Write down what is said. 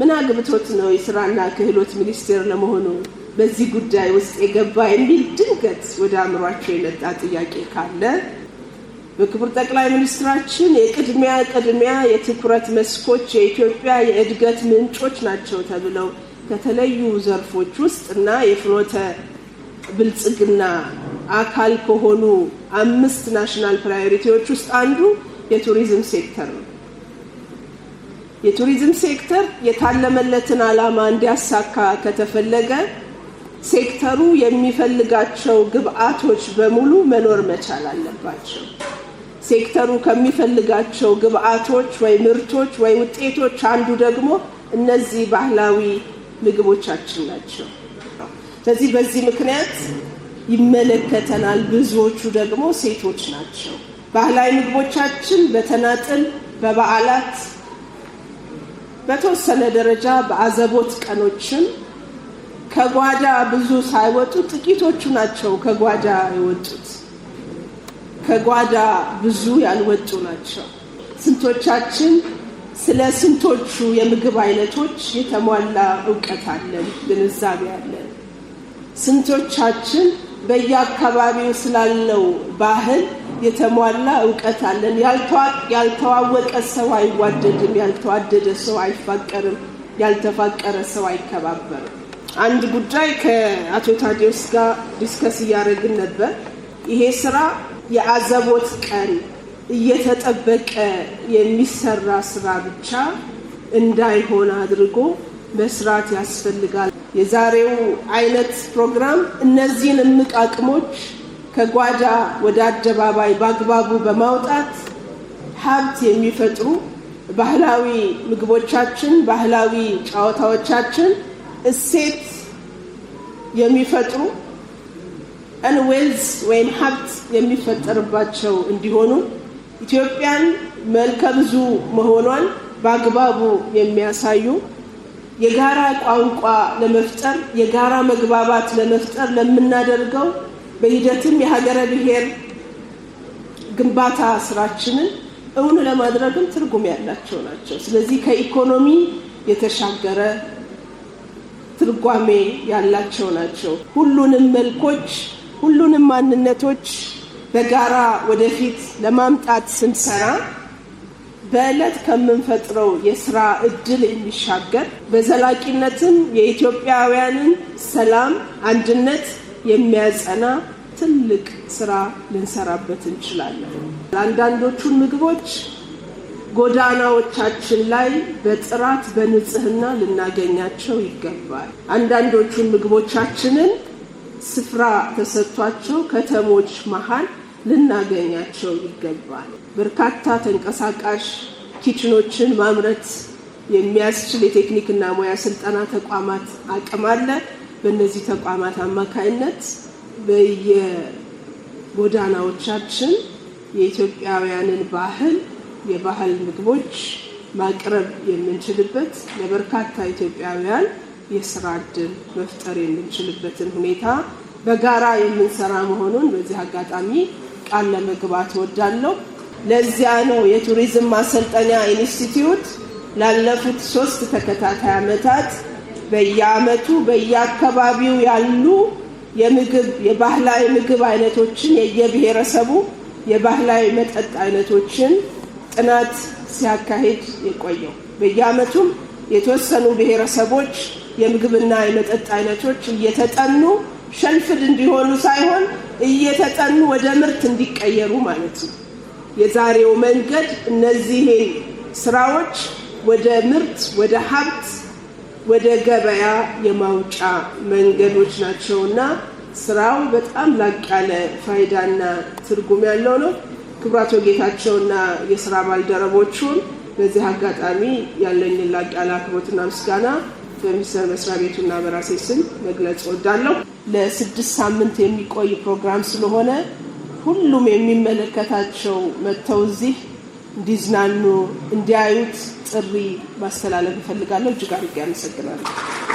ምን አግብቶት ነው የስራና ክህሎት ሚኒስቴር ለመሆኑ በዚህ ጉዳይ ውስጥ የገባ የሚል ድንገት ወደ አእምሯቸው የመጣ ጥያቄ ካለ በክቡር ጠቅላይ ሚኒስትራችን የቅድሚያ ቅድሚያ የትኩረት መስኮች የኢትዮጵያ የእድገት ምንጮች ናቸው ተብለው ከተለዩ ዘርፎች ውስጥ እና የፍኖተ ብልጽግና አካል ከሆኑ አምስት ናሽናል ፕራዮሪቲዎች ውስጥ አንዱ የቱሪዝም ሴክተር ነው። የቱሪዝም ሴክተር የታለመለትን ዓላማ እንዲያሳካ ከተፈለገ ሴክተሩ የሚፈልጋቸው ግብአቶች በሙሉ መኖር መቻል አለባቸው። ሴክተሩ ከሚፈልጋቸው ግብአቶች ወይ ምርቶች ወይ ውጤቶች አንዱ ደግሞ እነዚህ ባህላዊ ምግቦቻችን ናቸው። ስለዚህ በዚህ ምክንያት ይመለከተናል። ብዙዎቹ ደግሞ ሴቶች ናቸው። ባህላዊ ምግቦቻችን በተናጥል በበዓላት በተወሰነ ደረጃ በአዘቦት ቀኖችም ከጓዳ ብዙ ሳይወጡ ጥቂቶቹ ናቸው ከጓዳ የወጡት። ከጓዳ ብዙ ያልወጡ ናቸው። ስንቶቻችን ስለ ስንቶቹ የምግብ አይነቶች የተሟላ እውቀት አለን፣ ግንዛቤ አለን? ስንቶቻችን በየአካባቢው ስላለው ባህል የተሟላ እውቀት አለን። ያልተዋወቀ ሰው አይዋደድም፣ ያልተዋደደ ሰው አይፋቀርም፣ ያልተፋቀረ ሰው አይከባበርም። አንድ ጉዳይ ከአቶ ታዲዮስ ጋር ዲስከስ እያደረግን ነበር። ይሄ ስራ የአዘቦት ቀን እየተጠበቀ የሚሰራ ስራ ብቻ እንዳይሆን አድርጎ መስራት ያስፈልጋል። የዛሬው አይነት ፕሮግራም እነዚህን እምቅ አቅሞች ከጓዳ ወደ አደባባይ በአግባቡ በማውጣት ሀብት የሚፈጥሩ ባህላዊ ምግቦቻችን፣ ባህላዊ ጨዋታዎቻችን እሴት የሚፈጥሩ እንዌልዝ ወይም ሀብት የሚፈጠርባቸው እንዲሆኑ ኢትዮጵያን መልከ ብዙ መሆኗን በአግባቡ የሚያሳዩ የጋራ ቋንቋ ለመፍጠር የጋራ መግባባት ለመፍጠር ለምናደርገው በሂደትም የሀገረ ብሔር ግንባታ ስራችንን እውን ለማድረግም ትርጉም ያላቸው ናቸው። ስለዚህ ከኢኮኖሚ የተሻገረ ትርጓሜ ያላቸው ናቸው። ሁሉንም መልኮች፣ ሁሉንም ማንነቶች በጋራ ወደፊት ለማምጣት ስንሰራ በዕለት ከምንፈጥረው የስራ እድል የሚሻገር በዘላቂነትም የኢትዮጵያውያንን ሰላም፣ አንድነት የሚያጸና ትልቅ ስራ ልንሰራበት እንችላለን። አንዳንዶቹን ምግቦች ጎዳናዎቻችን ላይ በጥራት በንጽህና ልናገኛቸው ይገባል። አንዳንዶቹን ምግቦቻችንን ስፍራ ተሰጥቷቸው ከተሞች መሀል ልናገኛቸው ይገባል። በርካታ ተንቀሳቃሽ ኪችኖችን ማምረት የሚያስችል የቴክኒክና ሙያ ስልጠና ተቋማት አቅም አለ። በእነዚህ ተቋማት አማካይነት በየጎዳናዎቻችን የኢትዮጵያውያንን ባህል የባህል ምግቦች ማቅረብ የምንችልበት ለበርካታ ኢትዮጵያውያን የስራ እድል መፍጠር የምንችልበትን ሁኔታ በጋራ የምንሰራ መሆኑን በዚህ አጋጣሚ ቃል ለመግባት ወዳለው። ለዚያ ነው የቱሪዝም ማሰልጠኛ ኢንስቲትዩት ላለፉት ሶስት ተከታታይ ዓመታት በየአመቱ በየአካባቢው ያሉ የምግብ የባህላዊ ምግብ አይነቶችን የየብሔረሰቡ የባህላዊ መጠጥ አይነቶችን ጥናት ሲያካሂድ የቆየው በየአመቱም የተወሰኑ ብሔረሰቦች የምግብና የመጠጥ አይነቶች እየተጠኑ ሸልፍድ እንዲሆኑ ሳይሆን እየተጠኑ ወደ ምርት እንዲቀየሩ ማለት ነው። የዛሬው መንገድ እነዚህ ስራዎች ወደ ምርት ወደ ሀብት ወደ ገበያ የማውጫ መንገዶች ናቸው እና ስራው በጣም ላቅ ያለ ፋይዳና ትርጉም ያለው ነው። ክብራቶ ጌታቸውና የስራ ባልደረቦቹን በዚህ አጋጣሚ ያለኝን ላቅ ያለ አክብሮትና ምስጋና በሚኒስቴር መስሪያ ቤቱና በራሴ ስም መግለጽ እወዳለሁ። ለስድስት ሳምንት የሚቆይ ፕሮግራም ስለሆነ ሁሉም የሚመለከታቸው መጥተው እዚህ እንዲዝናኑ፣ እንዲያዩት ጥሪ ማስተላለፍ እፈልጋለሁ። እጅግ አድርጌ አመሰግናለሁ።